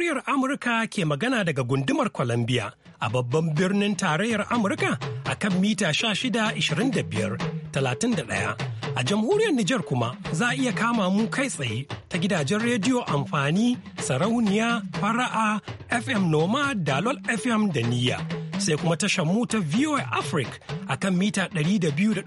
muryar Amurka ke magana daga gundumar Columbia a babban birnin tarayyar Amurka a kan mita 16-25-31. A jamhuriyar Nijar kuma za a iya kama mu kai tsaye ta gidajen rediyo amfani, sarauniya, fara'a, FM Noma, Dalol FM da Niyya. sai kuma tashar mu ta VOA Africa a kan mita 200.5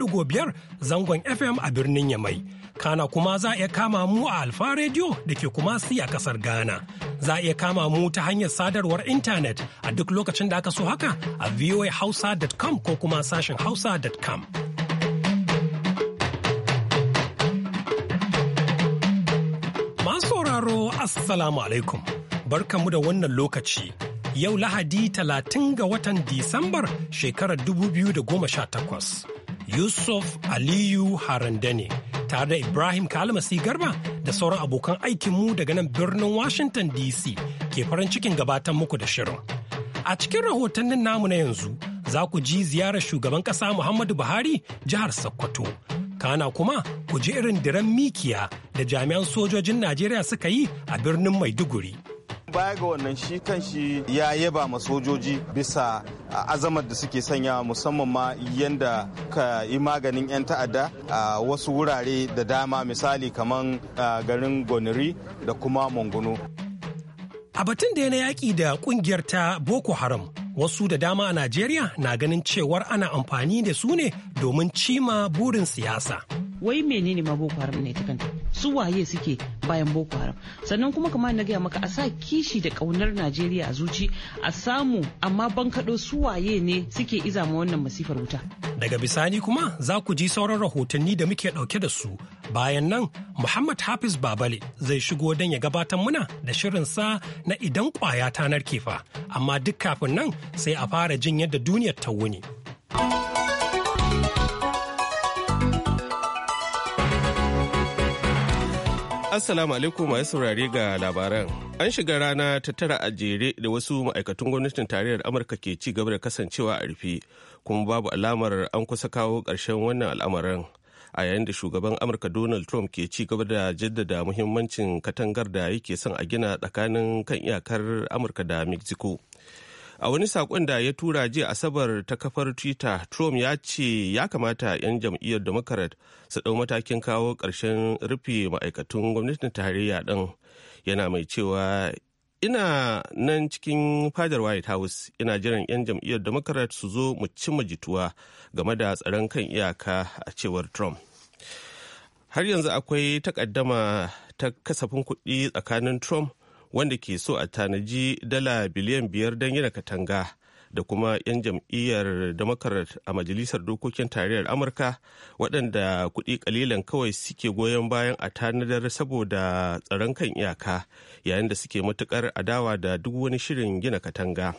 zangon FM a birnin Yamai. Kana kuma za a iya kama mu a Alfa Radio da ke kuma si a kasar Ghana. Za a iya kama mu ta hanyar sadarwar intanet a duk lokacin da aka so haka a voahausa.com ko kuma sashen hausa.com. Masu sauraro Assalamu alaikum, mu da wannan lokaci. yau Lahadi talatin ga watan Disambar shekarar 2018. Yusuf Aliyu Harandane tare da Ibrahim Kalmasi Garba da sauran abokan aikinmu daga nan birnin Washington DC ke farin cikin gabatan muku da shirin. A cikin rahotannin namu na yanzu za ku ji ziyarar shugaban ƙasa Muhammadu Buhari jihar Sokoto. Kana kuma ku ji irin diran mikiya da jami'an sojojin Najeriya suka yi a birnin Maiduguri. baya ga wannan shi kan shi ya yaba ma sojoji bisa azamar da suke sanya musamman ma yadda ka yi maganin 'yan ta'adda a wasu wurare da dama misali kamar garin goniri da kuma mangono a batun da na yaƙi da ƙungiyar ta boko haram wasu da dama a najeriya na ganin cewar ana amfani da su ne domin cima burin siyasa. wai menene ma boko haram ne ta kanta su waye suke bayan boko haram sannan kuma kamar na gaya maka a sa kishi da kaunar najeriya a zuci a samu amma ban kaɗo su waye ne suke izama wannan masifar wuta daga bisani kuma za ku ji sauran rahotanni da muke ɗauke da su bayan nan muhammad hafiz babale zai shigo don ya gabatar muna da shirin sa na idan kwaya ta narkefa amma duk kafin nan sai a fara jin yadda duniyar ta wuni. Assalamu alaikum ya saurari ga labaran. An shiga rana ta tara a jere da wasu ma'aikatan gwamnatin tarayyar Amurka ke ci gaba da kasancewa a rufe, kuma babu alamar an kusa kawo ƙarshen wannan al'amarin. A yayin da shugaban Amurka Donald Trump ke ci gaba da jaddada muhimmancin katangar da yake son a gina tsakanin kan iyakar Amurka da Mexico. a wani sakon da ya tura jiya asabar ta kafar twitter trump ya ce ya kamata 'yan jam'iyyar democrat su ɗau matakin kawo ƙarshen rufe ma'aikatun gwamnatin tarayya ɗin yana mai cewa ina nan cikin fadar white house ina jiran 'yan jam'iyyar democrat su zo mu cimma jituwa game da tsaron kan iyaka a cewar trump har yanzu akwai takaddama ta kasafin kuɗi tsakanin trump wanda ke so a tanaji dala biliyan biyar don gina katanga da kuma 'yan jam'iyyar democrat a majalisar dokokin tarayyar amurka waɗanda kuɗi kalilan kawai suke goyon bayan a tanadar saboda tsaron kan iyaka yayin da suke matukar adawa da duk wani shirin gina katanga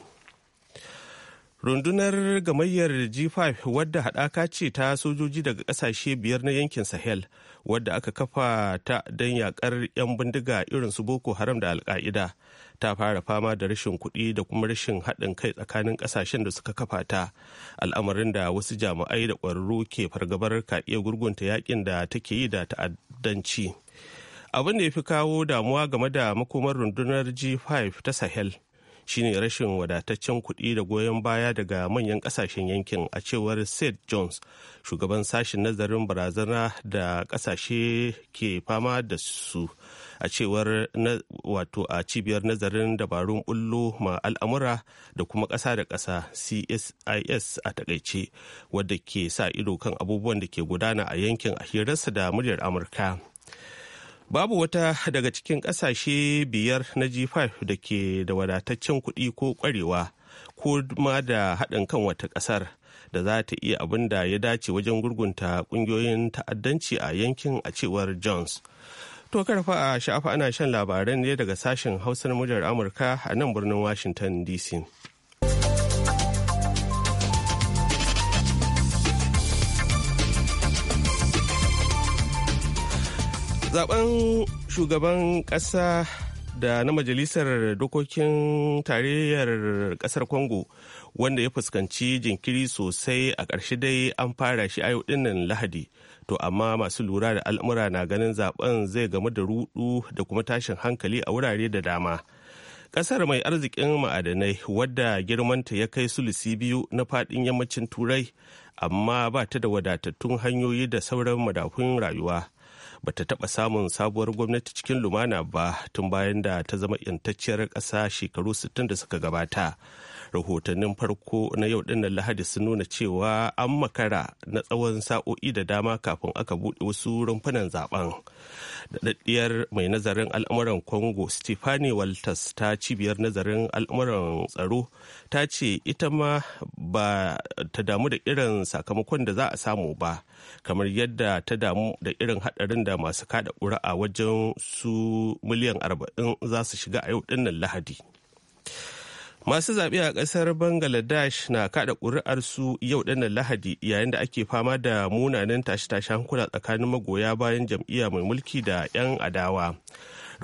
rundunar gamayyar g5 wadda haɗaka ce ta sojoji daga ƙasashe biyar na yankin sahel wadda aka kafa ta don yakar 'yan bindiga irin su boko haram da alka'ida ta fara fama da rashin kuɗi da kuma rashin haɗin kai tsakanin ƙasashen da suka kafa ta al'amarin da wasu jami'ai da ƙwararru ke fargabar ka iya gurgunta yakin da take yi da ta'addanci abin da ya fi kawo damuwa game da makomar rundunar g5 ta sahel shine rashin wadataccen kuɗi da goyon baya daga manyan ƙasashen yankin a cewar Seth Jones, shugaban sashen nazarin barazana da ƙasashe ke fama da su a cewar wato a cibiyar nazarin dabarun bullo ma al'amura da kuma ƙasa da ƙasa CSIS a takaice wadda ke sa ido kan abubuwan da ke gudana a yankin a hirarsa da muryar Amurka. babu wata daga cikin ƙasashe biyar na g5 da ke da wadataccen kuɗi ko ƙwarewa ko ma da haɗin kan wata ƙasar da za ta iya abin da ya dace wajen gurgunta ƙungiyoyin ta'addanci a yankin a cewar jones to karfa a sha'afa ana shan labaran ne daga sashen hausar mujar amurka a nan birnin washington dc zaben shugaban kasa da na majalisar dokokin tarayyar kasar congo wanda ya fuskanci jinkiri sosai a ƙarshe dai an fara shi a yau dinnan lahadi to amma masu lura da al'amura na ganin zaben zai gamu da rudu da kuma tashin hankali a wurare da dama ƙasar mai arzikin ma'adanai wadda girmanta ya kai sulisi biyu na faɗin yammacin turai amma ba ta da wadatattun hanyoyi da sauran madafun rayuwa bata taɓa samun sabuwar gwamnati cikin lumana ba tun bayan da ta zama yantacciyar ƙasa shekaru 60 da suka gabata rahotannin farko na yau dinnan lahadi sun nuna cewa an makara na tsawon sa'o'i da dama kafin aka buɗe wasu rumfunan zaben daɗaɗɗiyar mai nazarin al'amuran congo stefani walters ta cibiyar nazarin al'amuran tsaro ta ce ita ma ba ta damu da irin sakamakon da za a samu ba kamar yadda ta damu da irin haɗarin da masu kada ƙuri'a wajen su miliyan arba'in za su shiga a yau dinnan lahadi Masu zaɓe a ƙasar Bangladesh na kaɗa ƙuri'arsu yau ɗannan Lahadi yayin da ake fama da munanan tashe-tashen hankula tsakanin magoya bayan jam'iyya mai mulki da 'yan adawa.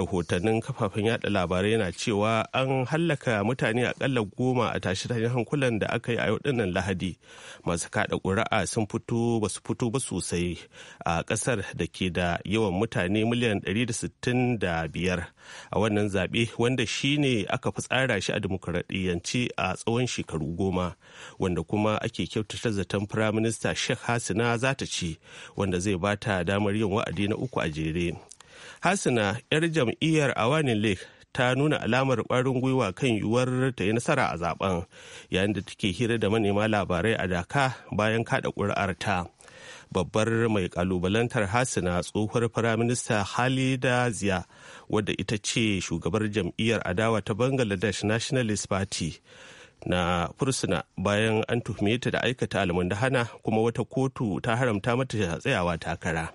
rahotannin kafafen yada labarai yana cewa an hallaka mutane akalla goma a tashi ta hankulan da aka yi a waɗannan lahadi masu kada ƙuri'a sun fito ba su fito ba sosai a ƙasar da ke da yawan mutane miliyan 165 a wannan zaɓe wanda shi ne aka fi tsara shi a dimokuraɗiyyance a tsawon shekaru goma wanda kuma ake kyautata zaton firaminista sheikh hasina za ta ci wanda zai ba ta damar yin wa'adi na uku a jere hasina yar jam'iyyar awanin lake ta nuna alamar kwarin gwiwa kan yiwuwar ta yi nasara a zaben yayin da take hira da manema labarai a daka bayan kada ƙuri'ar ta babbar mai kalubalantar hasina tsohuwar firaminista halida ziya wadda ita ce shugabar jam'iyyar adawa ta bangladesh nationalist party na fursuna bayan an tuhume ta da aikata almundahana kuma wata kotu ta haramta mata tsayawa takara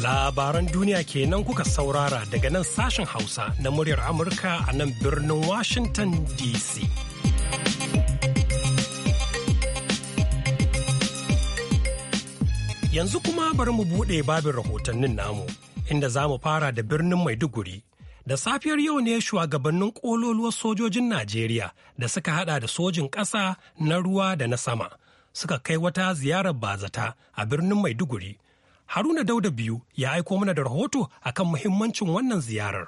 Labaran duniya kenan kuka saurara daga nan sashen Hausa na muryar Amurka a nan birnin Washington DC. Yanzu kuma bari mu buɗe babin rahotannin namu, inda za mu fara da birnin Maiduguri. Da safiyar yau ne shugabannin ƙololuwar sojojin Najeriya da suka hada da sojin ƙasa na ruwa da na sama suka kai wata ziyarar bazata a birnin Maiduguri. Haruna Dauda biyu ya aiko mana da rahoto akan muhimmancin wannan ziyarar.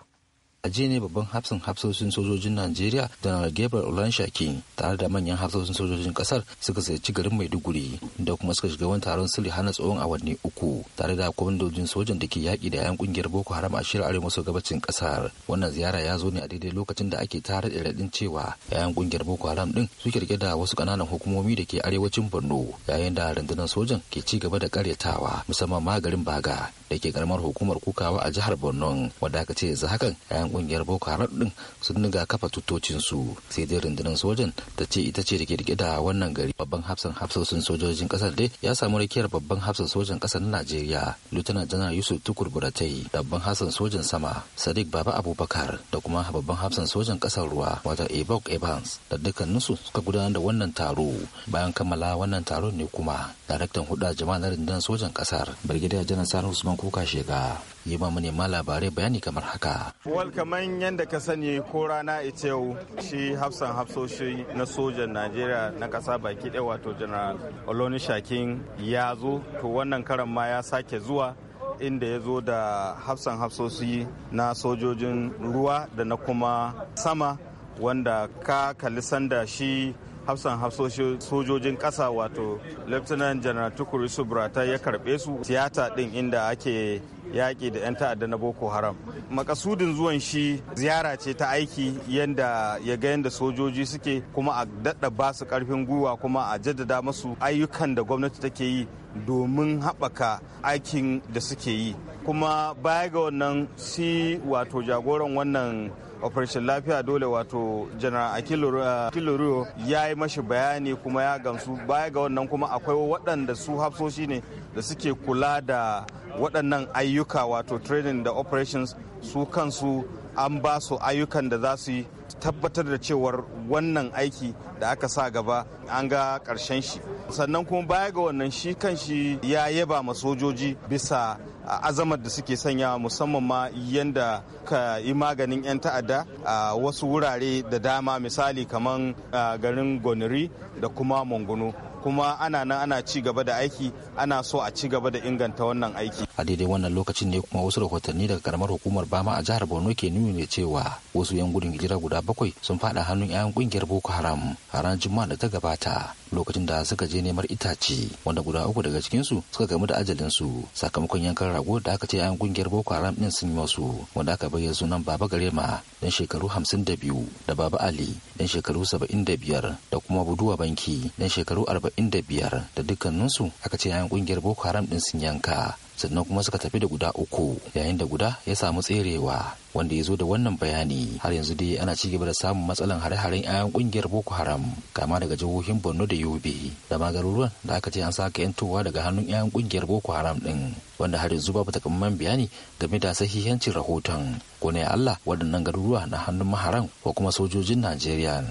a jiya ne babban hafsin hafsoshin sojojin najeriya janar gabriel olanshaki tare da manyan hafsoshin sojojin kasar suka ziyarci garin maiduguri da kuma suka shiga wani taron sulhu hana tsawon awanni uku tare da kwamandojin sojan da ke yaƙi da 'yan kungiyar boko haram a shirin arewa maso gabacin kasar wannan ziyara ya zo ne a daidai lokacin da ake tare da raɗin cewa 'yan kungiyar boko haram din su kirke da wasu ƙananan hukumomi da ke arewacin borno yayin da rundunar sojan ke ci gaba da karyatawa musamman ma garin baga da ke karamar hukumar kukawa a jihar borno wadda aka ce yanzu hakan 'yan kungiyar boko haram din sun niga kafa tutocinsu sai dai rundunar sojan ta ce ita ce da ke rike da wannan gari babban hafsan hafsosin sojojin kasar dai ya samu rakiyar babban hafsan sojan kasar na najeriya lieutenant janar yusuf tukur buratai da babban hafsan sojan sama sadiq baba abubakar da kuma babban hafsan sojan kasar ruwa wato ebok evans da dukkaninsu suka gudanar da wannan taro bayan kammala wannan taron ne kuma daraktan hudu jama'a na rundunar sojan kasar brigadier janar sanu usman kuka shega yi ma manema labarai bayani kamar haka. Wal kamar yadda ka sani ko rana ita yau shi hafsan hafsoshi na sojan Najeriya na kasa baki ɗaya wato General Oloni Shakin ya zo to wannan karan ma ya sake zuwa inda ya zo da hafsan hafsoshi na sojojin ruwa da na kuma sama wanda ka kalli sanda shi hafsan hafsoshin sojojin ƙasa wato lieutenant general tukuri subrata ya karɓe su tiyata ɗin inda ake yaƙi da 'yan ta'adda na boko haram makasudin zuwan shi ziyara ce ta aiki yadda ya ga yadda sojoji suke kuma a daɗa ba su ƙarfin gwiwa kuma a jaddada masu ayyukan da gwamnati take yi domin haɓaka aikin da suke yi kuma baya ga wannan si wato jagoran wannan operation lafiya dole wato general akilorio uh, ya yi mashi bayani kuma ya gamsu baya ga wannan kuma akwai waɗanda su hafsoshi ne da suke kula da waɗannan ayyuka wato training da operations su kansu an ba su ayyukan da za su yi tabbatar da cewar wannan aiki da aka sa gaba an ga ƙarshen shi sannan kuma baya ga wannan shi kan shi ya yaba ma sojoji bisa azamar da suke sanya musamman ma yadda ka yi maganin 'yan ta'adda a wasu wurare da dama misali kamar garin goniri da kuma mongono kuma ana nan ana ci gaba da aiki ana so a ci gaba da inganta wannan aiki a daidai wannan lokacin ne kuma wasu rahotanni daga karamar hukumar bama a jihar borno ke nuni da cewa wasu yan gudun hijira guda bakwai sun fada hannun 'ya'yan kungiyar boko haram a ranar juma'a da ta gabata lokacin da suka je neman itace wanda guda uku daga cikinsu suka gamu da ajalin su sakamakon yankan rago da aka ce 'ya'yan kungiyar boko haram din sun yi masu wanda aka bayyana sunan baba garema dan shekaru hamsin da biyu da baba ali dan shekaru saba'in da biyar da kuma buduwa banki dan shekaru arba'in 45 da biyar da dukkaninsu aka ce yayan kungiyar boko haram din sun yanka sannan kuma suka tafi da guda uku yayin da guda ya samu tserewa wanda ya zo da wannan bayani har yanzu dai ana ci gaba da samun matsalan hare-haren 'ya'yan kungiyar boko haram kama daga jihohin borno da yobe da ma garuruwan da aka ce an saka yantowa daga hannun 'ya'yan kungiyar boko haram din wanda har yanzu babu takamman bayani game da sahihancin rahoton ko ne allah waɗannan garuruwa na hannun maharan ko kuma sojojin najeriya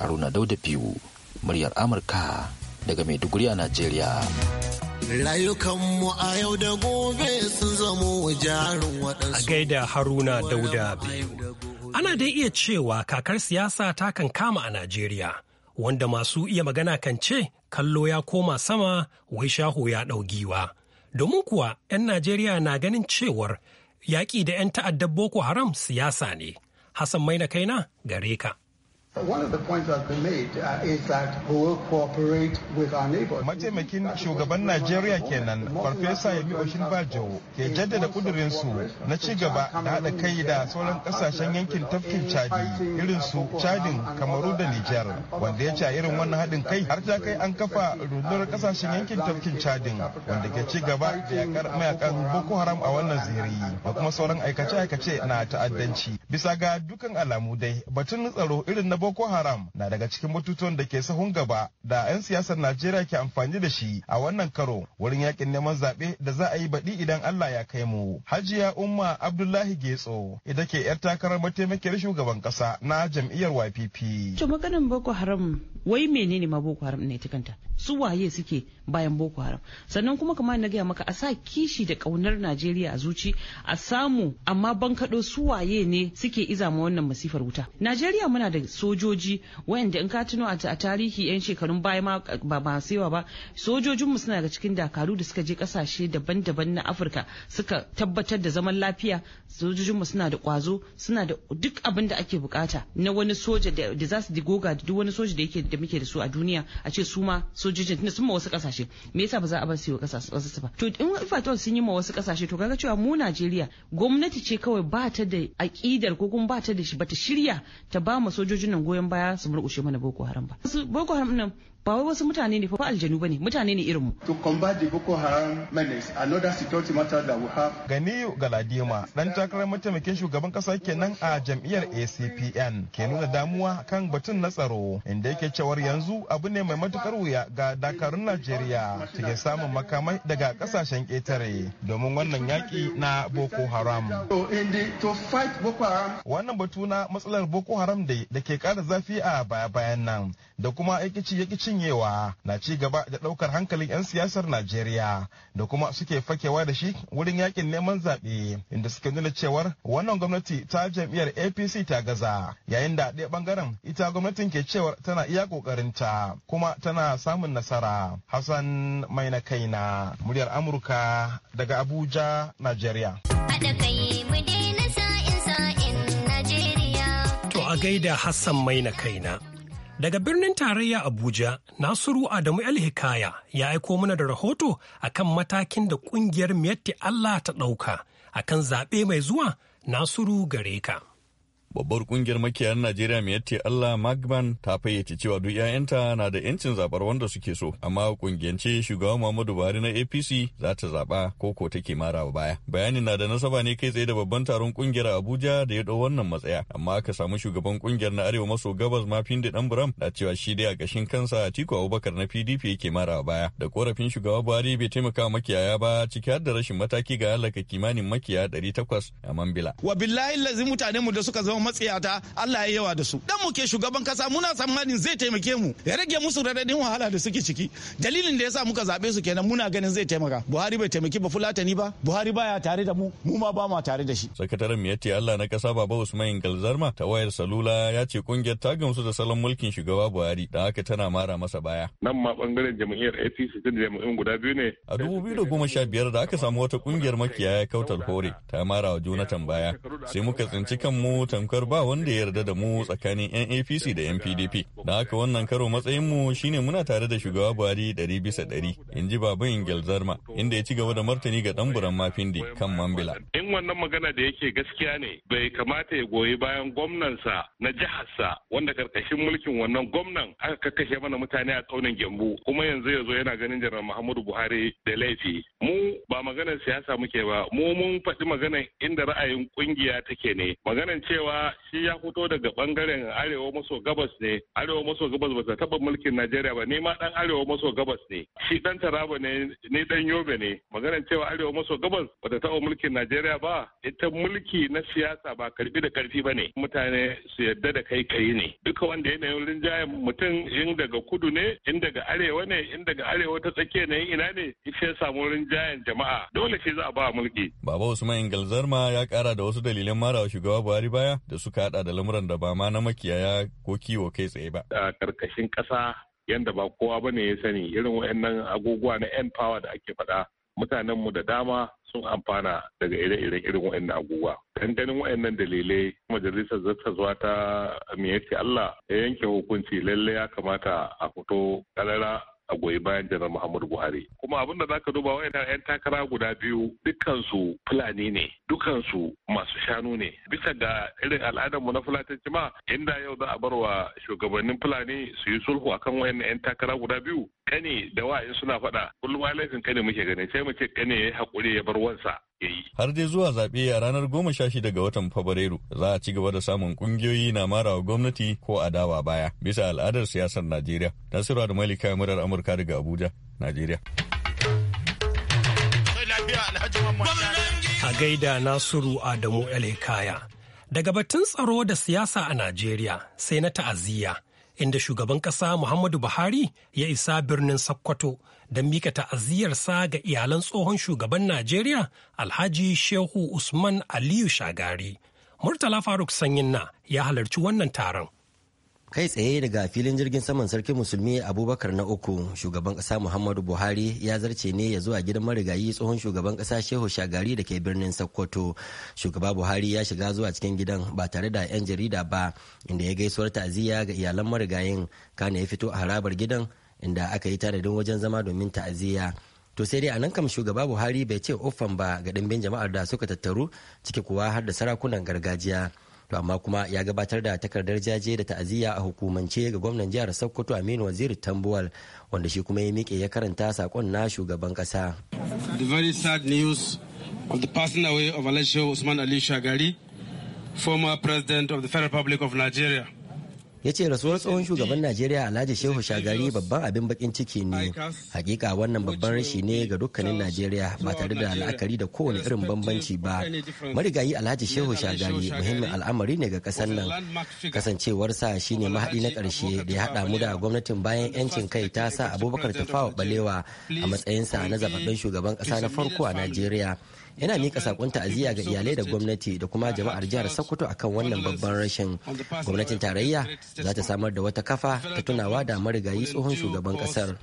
haruna dauda biyu muryar amurka daga Maiduguri a Najeriya. Rayukanmu a yau da gobe sun zamo jarin waɗansu. A gaida Haruna Dauda biyu. Ana dai iya cewa kakar siyasa ta kan kama a Najeriya, wanda masu iya magana kan ce kallo ya koma sama wai shaho ya ɗau giwa. Domin kuwa 'yan Najeriya na ganin cewar yaƙi da 'yan ta'addar Boko Haram siyasa ne. Hassan mai Maina kaina gare ka. Uh, Mataimakin shugaban Najeriya kenan Farfesa Yemi bajoo ke jaddada kudurinsu na ci gaba da haɗa kai da sauran kasashen yankin tafkin Chadi irin su Chadin, Kamaru da Nijar wanda ya ce irin uh, wannan haɗin kai har ta kai an kafa rundunar ƙasashen uh, yankin tafkin Chadin wanda ke ci gaba da yakar mayakan Boko Haram a wannan ziri da kuma sauran aikace-aikace na ta'addanci bisa ga dukan alamu dai batun tsaro irin na Boko Haram na daga cikin batutuwan da ke sahun gaba da 'yan siyasar Najeriya ke amfani da shi a wannan karo wurin yakin neman zaɓe da za a yi baɗi idan Allah ya kai mu. Hajiya Umma Abdullahi Getso ita ke 'yar takarar mataimakiyar shugaban ƙasa na jam'iyyar YPP. To maganin Boko Haram wai menene ma Boko Haram ne ta kanta? Su waye suke bayan Boko Haram? Sannan kuma kamar na gaya maka a sa kishi da ƙaunar Najeriya a zuci a samu amma ban kaɗo su waye ne suke izama wannan masifar wuta. Najeriya muna da so sojoji wayanda in ka tuno a tarihi yan shekarun baya ma ba masu yawa ba sojojinmu suna daga cikin dakaru da suka je kasashe daban-daban na afirka suka tabbatar da zaman lafiya sojojinmu suna da kwazo suna da duk abin da ake bukata na wani soja da za su digoga duk wani soja da yake da muke da su a duniya a ce su ma sojojin tunda sun ma wasu kasashe me yasa ba za a bar su yi kasashe ba to in fatawar sun yi ma wasu kasashe to kaga cewa mu Najeriya gwamnati ce kawai ba ta da aƙidar ko kuma ba ta da shi ba ta shirya ta ba ma sojojin wannan goyon baya su murƙushe mana boko haram ba boko haram nan ba wai wasu mutane ne fa aljanu bane mutane ne irin mu to combat the boko haram menace another security matter that we have ganiyu galadima dan takarar mataimakin shugaban kasa kenan a jam'iyyar ACPN ke nuna damuwa kan batun na tsaro inda yake cewar yanzu abu ne mai matukar wuya ga dakarun Najeriya take samun makamai daga kasashen ƙetare domin wannan yaki na boko haram wannan batu na matsalar boko haram da ke kara zafi a baya-bayan nan da kuma aikici yakicin janyewa na ci gaba da ɗaukar hankalin 'yan siyasar Najeriya da kuma suke fakewa da shi wurin yakin neman zaɓe inda suke nuna cewar wannan gwamnati ta jam'iyyar APC ta gaza yayin da ɗaya ɓangaren ita gwamnatin ke cewar tana iya ƙoƙarinta kuma tana samun nasara. Hassan mai na kaina muryar Amurka daga Abuja, Najeriya. To a gaida Hassan mai na kaina. Daga birnin tarayya Abuja, Nasiru Adamu El Hikaya ya aiko mana da rahoto akan matakin da kungiyar Miyatti Allah ta ɗauka akan zaɓe mai zuwa Nasiru gare ka. Babbar kungiyar makiyar Najeriya mai yatti Allah Magban ta fayyace cewa duk 'ya'yanta na da 'yancin zabar wanda suke so, amma kungiyance shugaban Muhammadu Buhari na APC za ta zaba ko ko take mara baya. Bayanin na da nasaba ne kai tsaye da babban taron kungiyar Abuja da ya dau wannan matsaya, amma aka samu shugaban kungiyar na Arewa maso gabas Mafindi buram da cewa shi dai a gashin kansa Atiku Abubakar na PDP yake mara baya. Da korafin Shugaban Buhari bai taimaka makiyaya ba ciki har da rashin mataki ga halaka kimanin ɗari 800 a Mambila. Wa billahi lazim mutanen mu da suka zama matsiyata Allah ya yawa da su dan mu ke shugaban kasa muna tsammanin zai taimake mu ya rage musu radadin wahala da suke ciki dalilin da yasa muka zabe su kenan muna ganin zai taimaka Buhari bai taimaki ba Fulatani ba Buhari baya tare da mu mu ma ba ma tare da shi sakataren miyati Allah na kasa Baba Usman Galzarma ta wayar salula ya ce kungiyar ta gamsu da salon mulkin shugaba Buhari da haka tana mara masa baya nan ma bangaren jam'iyyar APC da jam'iyyun guda biyu ne a dubu biyu da goma sha biyar da aka samu wata kungiyar makiyaya kautal hore ta mara wa Jonathan baya sai muka tsinci kanmu tamkar ba wanda ya yarda da mu tsakanin 'yan apc da 'yan pdp da haka wannan karo matsayinmu shine muna tare da shugaba buhari ɗari bisa ɗari in ji baba ingil zarma inda ya ci gaba da martani ga ɗanburan mafindi kan mambila in wannan magana da yake gaskiya ne bai kamata ya goyi bayan gwamnansa na jihar sa wanda karkashin mulkin wannan gwamnan aka kakkashe mana mutane a tsaunin gyambu kuma yanzu ya zo yana ganin janar muhammadu buhari da laifi mu ba maganar siyasa muke ba mu mun faɗi maganar inda ra'ayin kungiya take ne maganar cewa shi ya fito daga bangaren arewa maso gabas ne arewa maso gabas ba ta taba mulkin najeriya ba ni ma dan arewa maso gabas ne shi dan taraba ne ni dan yobe ne maganar cewa arewa maso gabas ba ta taba mulkin najeriya ba ita mulki na siyasa ba karfi da karfi ba ne mutane su yadda da kai kai ne duka wanda yanayin jayan mutum in daga kudu ne in daga arewa ne in daga arewa ta tsakiya ne ina ne shi ya samu rinjayen jama'a dole shi za a ba mulki baba usman galzarma ya kara da wasu dalilan marawa shugaba buhari baya da suka hada da lamuran da ba ma na makiyaya ko kiwo kai tsaye ba. A karkashin ƙasa yadda ba kowa ba ne ya sani irin wayannan agogowa na yan power da ake faɗa mutanenmu da dama sun amfana daga ire-iren irin wayannan agogowa. Dandanin wayannan dalilai majalisar zuwa ta miyarci Allah ya yanke hukunci lalle ya kamata a fito kalara a goyi bayan janar Muhammadu Buhari. Kuma abin da zaka duba wayannan 'yan takara guda biyu dukansu Fulani ne, dukkansu masu shanu ne. Bisa ga irin al'adarmu mu na Fulatan ma inda yau za a bar wa shugabannin Fulani su yi sulhu akan wayanna 'yan takara guda biyu. kani da wa'in suna faɗa kullum laifin kani muke ganin sai mu ce kani ya haƙuri ya bar wansa. ke yi. Har dai zuwa zaɓe a ranar goma sha shida ga watan Fabrairu za a ci gaba da samun ƙungiyoyi na mara wa gwamnati ko adawa baya bisa al'adar siyasar Najeriya. Nasiru da Malika murar Amurka daga Abuja, Najeriya. A gaida Nasiru Adamu Elekaya. Daga batun tsaro da siyasa a Najeriya sai na ta'aziyya. inda shugaban ƙasa Muhammadu Buhari ya isa birnin Sokoto don mika ta'aziyarsa ga iyalan tsohon shugaban Najeriya Alhaji Shehu Usman Aliyu Shagari. Murtala Faruk Sanyinna ya halarci wannan taron. kai tsaye daga filin jirgin saman Sarkin musulmi abubakar na uku shugaban kasa muhammadu buhari ya zarce ne ya zuwa gidan marigayi tsohon shugaban kasa shehu shagari da ke birnin sokoto shugaba buhari ya shiga zuwa cikin gidan ba tare da 'yan jarida ba inda ya gaisuwar ta'aziyya ga iyalan marigayin kana ya fito a harabar gidan inda aka yi tanadin wajen zama domin ta'aziyya to sai dai a nan kam shugaba buhari bai ce ofan ba ga dimbin jama'ar da suka tattaru ciki kuwa har da sarakunan gargajiya to amma kuma ya gabatar da takardar jaje da ta'aziyya a hukumance ga gwamnan jihar sokoto aminu waziri tambuwal wanda shi kuma ya miƙe ya karanta sakon na shugaban ƙasa. the very sad news of the passing away of Alessio Usman Ali Shagari, former president of the Federal Republic of Nigeria. ya ce rasuwar tsohon shugaban najeriya alhaji shehu shagari babban abin bakin ciki ne hakika wannan babban rashi ne ga dukkanin najeriya ba tare da la'akari da kowane irin bambanci ba marigayi alhaji shehu shagari muhimmin al'amari ne ga kasar nan kasancewarsa shine mahaɗi na ƙarshe da ya haɗa mu da gwamnatin bayan yancin kai ta sa abubakar tafawa balewa a matsayinsa na zababben shugaban ƙasa na farko a najeriya yana mika sakon ta'aziyya ga iyalai da gwamnati da kuma jama'ar jihar sokoto akan wannan babban rashin gwamnatin tarayya za ta samar da wata kafa ta tunawa da marigayi tsohon shugaban kasar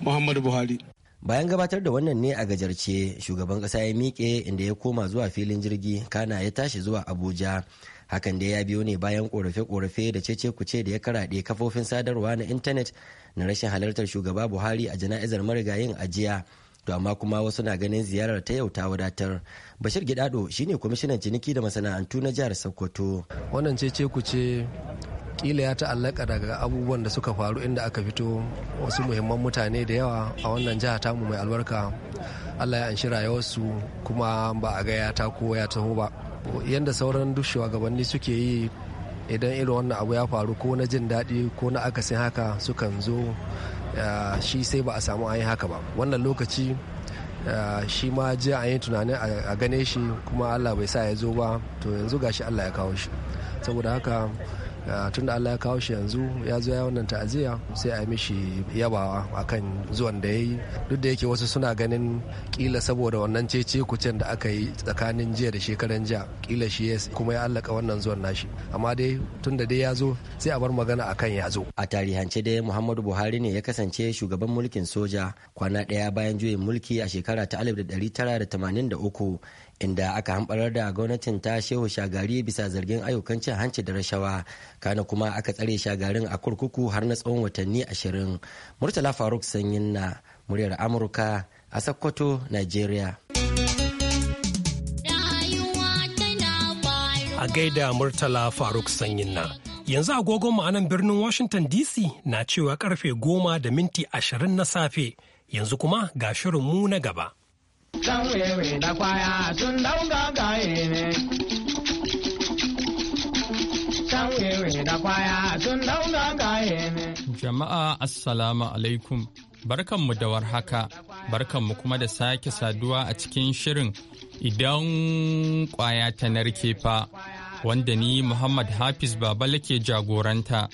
muhammadu buhari bayan gabatar da wannan ne a gajarce shugaban kasa ya miƙe inda ya koma zuwa filin jirgi kana ya tashi zuwa abuja hakan da ya biyo ne bayan korafe-korafe da cece kuce da ya karaɗe kafofin sadarwa na intanet na rashin halartar shugaba buhari a jana'izar marigayin ajiya to amma kuma wasu na ganin ziyarar ta yau ta wadatar bashir gidado shine kwamishinan ciniki da masana'antu na jihar sokoto wannan ce ku ce kila ya ta'allaka daga abubuwan da suka faru inda aka fito wasu muhimman mutane da yawa a wannan jiha mu mai albarka allah ya anshi rayuwarsu kuma ba a gaya ta ko ya taho ba yadda sauran duk shugabanni suke yi idan irin wannan abu ya faru ko na jin daɗi ko na akasin haka sukan zo shi sai ba a samu an yi haka ba wannan lokaci shi ma ji an yi tunanin a gane shi kuma allah bai sa ya zo ba to yanzu gashi allah ya kawo shi saboda haka Ah, tunda Allah ya kawo shi yanzu ya zo ya wannan ta'aziyya sai a yi mishi yabawa akan zuwan da ya yi duk da yake wasu suna ganin kila saboda wannan cece kucen da aka yi tsakanin jiya da shekaran jiya kila shi yes kuma ya allaka wannan zuwan nashi amma dai tunda dai ya zo sai a bar magana akan ya zo a tarihance dai Muhammadu Buhari ne ya kasance shugaban mulkin soja kwana daya bayan juyin mulki a shekara ta 1983 inda aka hamɓarar da gwamnatin ta shehu shagari bisa zargin ayyukan cin hanci da rashawa kana kuma aka tsare shagarin a kurkuku har na tsawon watanni ashirin murtala faruk sanyin na muryar amurka a sokoto nigeria a gaida murtala faruk sanyin na yanzu agogon ma'anan birnin washington dc na cewa karfe goma da minti ashirin na safe yanzu kuma ga mu na gaba San wewe da kwaya sun ne. san wewe da kwaya sun dau gagaye ne. Jama'a Assalamu alaikum. Barkanmu da warhaka, barkanmu kuma da sake saduwa a cikin shirin idan kwaya ta narke fa wanda ni Muhammad Hafiz Babala ke jagoranta.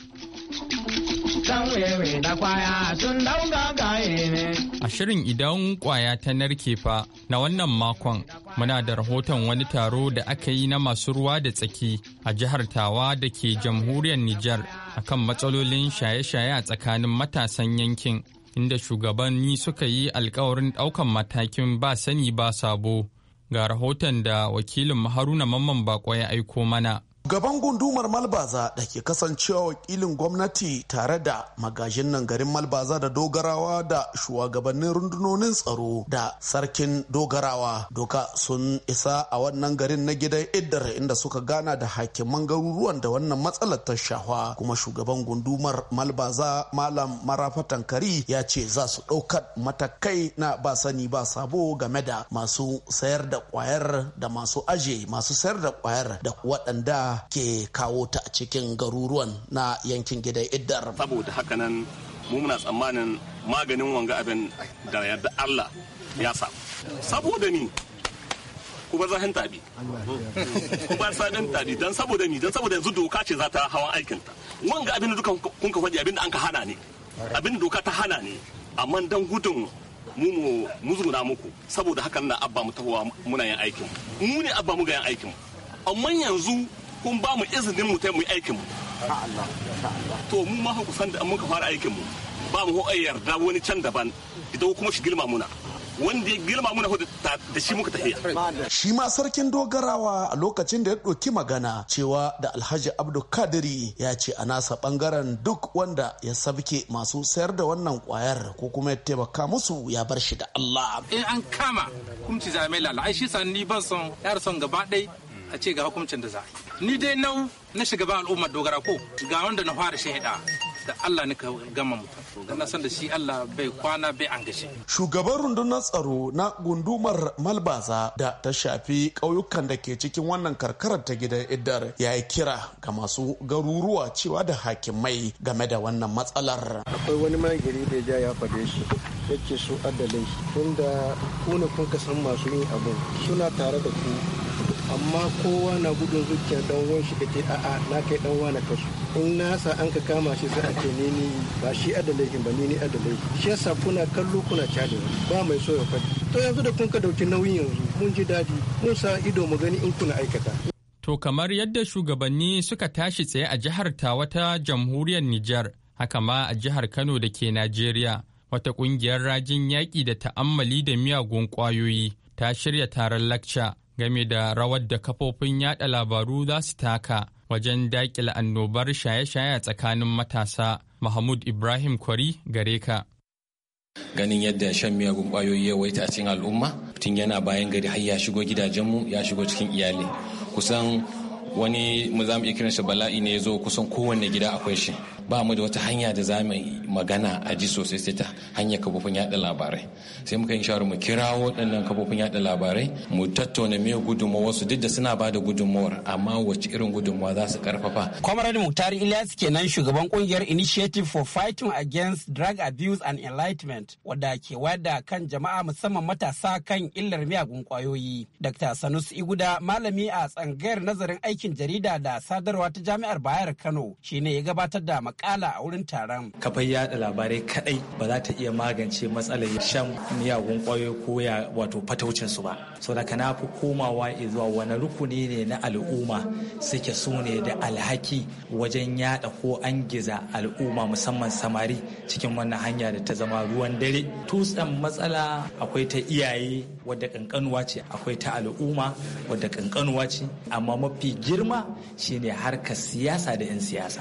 A shirin idan kwaya ta narke fa na wannan makon muna da rahoton wani taro da aka yi na masu ruwa da tsaki a jihar Tawa da ke jamhuriyar Nijar kan matsalolin shaye-shaye a tsakanin matasan yankin inda shugabanni suka yi alkawarin ɗaukan matakin ba sani ba sabo ga rahoton da wakilin Haruna Mamman Bako ya aiko mana. Gaban gundumar Malbaza da ke kasancewa wakilin gwamnati tare da magajin nan garin Malbaza da dogarawa da shugabannin rundunonin tsaro da sarkin dogarawa doka sun isa a wannan garin na gidan Iddar inda suka gana da hakiman garuruwan da wannan matsalar ta shahwa kuma shugaban gundumar Malbaza Malam Marafa Tankari ya ce za su ɗaukar matakai na ba sani ba sabo game da masu sayar da kwayar da masu aje masu sayar da kwayar da waɗanda ke kawo ta a cikin garuruwan na yankin gidan iddar saboda haka nan mu muna tsammanin maganin wanga abin da yadda allah ya sa saboda ni kuma zahin tabi kuma sadin tabi dan saboda ni dan saboda yanzu doka ce za ta hawan aikinta wanga abin dukan kun ka faɗi abin da an ka hana ne abin doka ta hana ne amma dan gudun mu mu muzuna muku saboda hakan na abba mu tahowa muna yin aikin mu ne abba mu ga yin aikin amma yanzu kun ba mu izinin mu tai mu aikin mu to mu ma ku san da muka fara aikin mu ba mu ho'a yarda wani can daban idan kuma shi girma muna wanda ya girma muna da shi muka tafiya. Shi ma sarkin dogarawa a lokacin da ya ɗauki magana cewa da Alhaji Abdul Kadiri ya ce a nasa bangaren duk wanda ya sabke masu sayar da wannan kwayar ko kuma ya taimaka musu ya bar shi da Allah. In an kama kumci zame lala ai shi san ni ban son yar son gaba ɗaya a ce ga hukuncin da za ni dai nau na shugaban al'ummar dogara ko ga wanda na fara shahida da Allah ni ka gama mutum na san da shi Allah bai kwana bai an gashi shugaban rundunar tsaro na gundumar Malbaza da ta shafi ƙauyukan da ke cikin wannan karkarar ta gidan Iddar ya yi kira ga masu garuruwa cewa da hakimai game da wannan matsalar akwai wani magiri da ja ya fade shi yake su adalai tunda kuna kun san masu yin abin suna tare da ku amma kowa na gudun zuciyar dan wan shi a'a na kai dan wani kasu in na an ka kama shi sai a ce ni ni ba shi adalaihin ba ni ni adalaihin shi yasa kuna kallo kuna cale ba mai so ya faɗi to yanzu da kun ka dauki nauyin yanzu mun ji daji mun sa ido mu gani in kuna aikata To kamar yadda shugabanni suka tashi tsaye a jihar ta wata jamhuriyar Nijar, haka ma a jihar Kano da ke Najeriya, wata ƙungiyar rajin yaki da ta'ammali da miyagun ƙwayoyi ta shirya taron lakca game da rawar da kafofin yada labaru za su taka wajen daƙila annobar shaye-shaye a tsakanin matasa mahmud ibrahim kwari gare ka ganin yadda shan miyagun kwayoyi ya waita a cikin al'umma tun yana bayan gari har ya shigo gidajenmu ya shigo cikin iyali kusan wani mu za mu iya kiran shi bala'i ne ya zo kusan kowanne gida akwai shi ba mu da wata hanya da za mu magana a ji sosai sai ta hanyar kafofin yaɗa labarai sai muka yi shawarar mu kira waɗannan kafofin yaɗa labarai mu tattauna me gudunmawar su duk da suna ba da gudummawar amma wacce irin gudummawa za su karfafa. Comrade Muktari Ilyas kenan shugaban ƙungiyar Initiative for Fighting Against Drug Abuse and Enlightenment wadda ke wada kan jama'a musamman matasa kan illar miyagun kwayoyi. Dr. Sanusi Iguda malami a tsangayar nazarin aikin jarida da sadarwa ta Jami'ar Bayar Kano shine ya gabatar da kala a wurin taron. Kafar yada labarai kadai ba za ta iya magance matsalar shan miyagun kwayo ko ya wato fataucin su ba. Saboda kana fi komawa zuwa wani rukuni ne na al'umma suke so ne da alhaki wajen yada ko an giza al'umma musamman samari cikin wannan hanya da ta zama ruwan dare. Tutsan matsala akwai ta iyaye wadda kankanuwa ce akwai ta al'umma wadda kankanuwa ce amma mafi girma shine harkar siyasa da 'yan siyasa.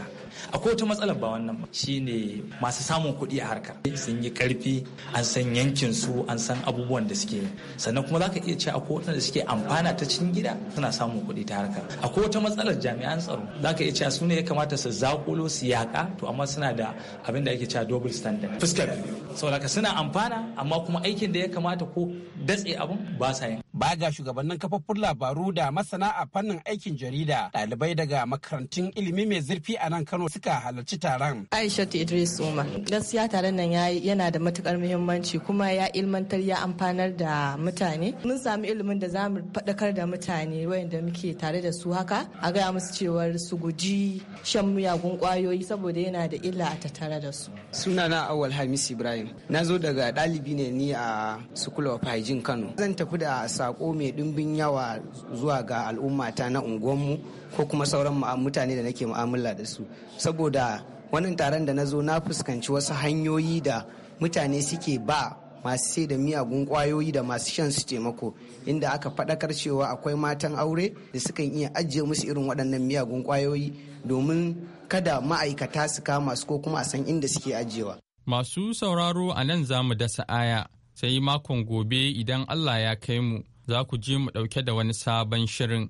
akwai wata matsalar ba wannan ba ne masu samun kuɗi a harkar sun yi karfi an san yankin su an san abubuwan da suke sannan kuma zaka iya cewa akwai waɗanda suke amfana ta cikin gida suna samun kuɗi ta harkar akwai wata matsalar jami'an tsaro zaka iya cewa su ne ya kamata su zakulo su yaka to amma suna da abin da ake cewa double standard fuskar saboda suna amfana amma kuma aikin da ya kamata ko datse abin ba sa yin ba ga shugabannin kafaffun labaru da masana a fannin aikin jarida ɗalibai daga makarantun ilimi mai zurfi a nan Kano suka halarci taron. ta Idris Umar. Gaskiya taron nan yana da matukar muhimmanci kuma ya ilmantar ya amfanar da mutane. Mun samu ilimin da za mu faɗakar da mutane wayanda muke tare da su haka a gaya musu cewar su guji shan miyagun kwayoyi saboda yana da illa a tattare da su. Sunana Awal Hamis Ibrahim. Na zo daga ɗalibi ne ni a School of Hygiene Kano. Zan tafi da sako mai ɗimbin yawa zuwa ga al'ummata na unguwanmu ko kuma sauran mutane da nake mu'amala da su saboda wannan taron da na zo na fuskanci wasu hanyoyi da mutane suke ba masu sai da miyagun kwayoyi da masu shan su taimako inda aka faɗakar cewa akwai matan aure da sukan iya ajiye musu irin waɗannan miyagun kwayoyi domin kada ma'aikata su kama su ko kuma a san inda suke ajiyewa. Masu sauraro a nan za mu dasa aya sai makon gobe idan Allah ya kai mu. za ku je mu ɗauke da wani sabon shirin.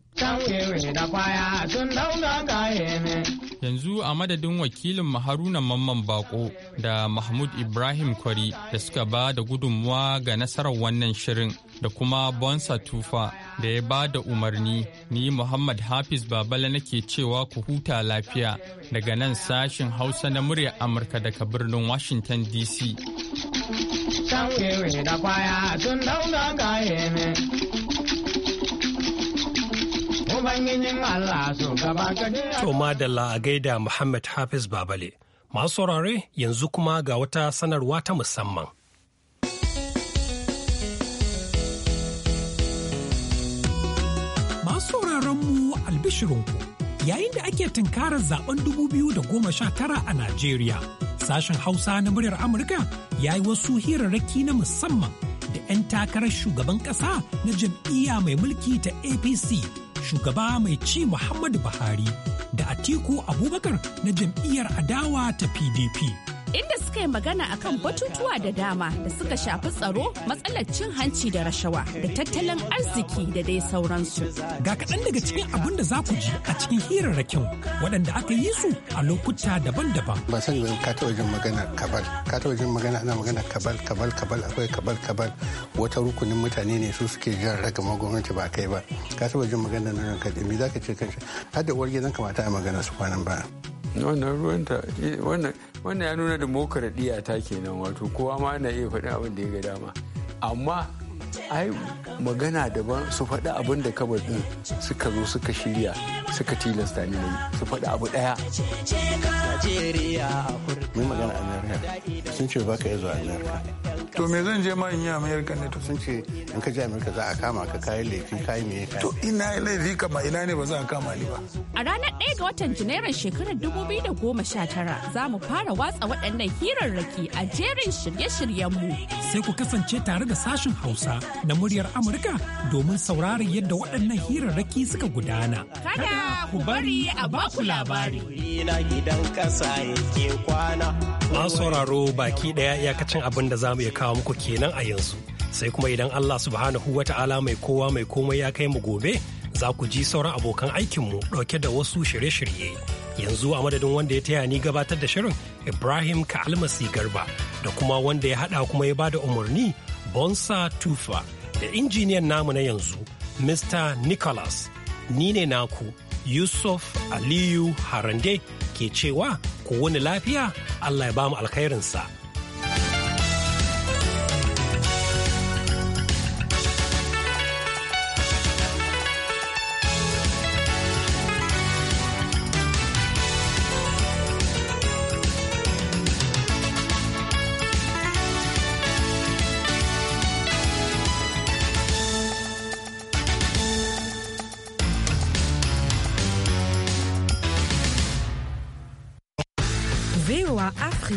da kwaya sun yanzu a madadin wakilin haruna mamman bako da mahmud ibrahim kwari da suka ba da gudunmuwa ga nasarar wannan shirin da kuma bonsa tufa da ya ba da umarni ni muhammad hafiz babala nake cewa ku huta lafiya daga nan sashin hausa na murya amurka daga birnin washington dc Ubangijin Allah su gaba a gaida Muhammad Hafiz Babale. Masu saurare yanzu kuma ga wata sanarwa ta musamman. Masu mu albishirinku yayin da ake tunkarar zaben 2019 a Najeriya. Sashen Hausa na muryar Amurka ya yi wasu hirarraki na musamman da 'yan takarar shugaban ƙasa na jam'iyya mai mulki ta APC shugaba mai ci Muhammadu Buhari da Atiku Abubakar na jam'iyyar adawa ta PDP. inda suka yi magana akan batutuwa da dama da suka shafi tsaro matsalar cin hanci da rashawa da tattalin arziki da dai sauransu. Ga kaɗan daga cikin abin da za ku ji a cikin hirarrakin waɗanda aka yi su a lokuta daban-daban. Ba san yi ka taɓa jin magana kabal, ka taɓa jin magana ana magana kabal kabal kabal akwai kabal kabal wata rukunin mutane ne su suke jan ragama gwamnati ba kai ba. Ka taɓa jin magana nan kaɗai me za ka ce kan shi har da uwar gidan kamata a magana su kwanan ba. wannan ruwanta wannan ya nuna da demokaradiyya ta kenan wato kowa ma na iya faɗin abin da ya ga dama amma ai magana daban su faɗi abin da kabar ɗin suka zo suka shirya suka tilasta ni mai su faɗi abu ɗaya. Mun magana a Amerika sun ce ba ka iya zuwa Amerika to me zan je ma in yi amerika ne to sun ce in ka je amerika za a kama ka kayi laifi kayi me to ina laifi kama ina ne ba za a kama ni ba a ranar 1 ga watan janairun shekarar 2019 za mu fara watsa waɗannan hirarraki a jerin shirye shiryen mu sai ku kasance tare da sashen hausa na muryar amurka domin sauraron yadda waɗannan hirarraki suka gudana kada ku bari a baku labari gidan kasa yake kwana masu sauraro baki ɗaya iyakacin abin da za mu iya kawo muku kenan a yanzu sai kuma idan Allah subhanahu wa ta'ala mai kowa mai komai ya kai mu gobe za ku ji sauran abokan aikinmu ɗauke da wasu shirye-shirye yanzu a madadin wanda ya taya ni gabatar da shirin ibrahim kalmasi garba da kuma wanda ya haɗa kuma ya bada umarni bonsa tufa da injiniyan namu na yanzu mr nicholas ni ne naku yusuf aliyu harande ke cewa ku wani lafiya allah ya bamu alkhairinsa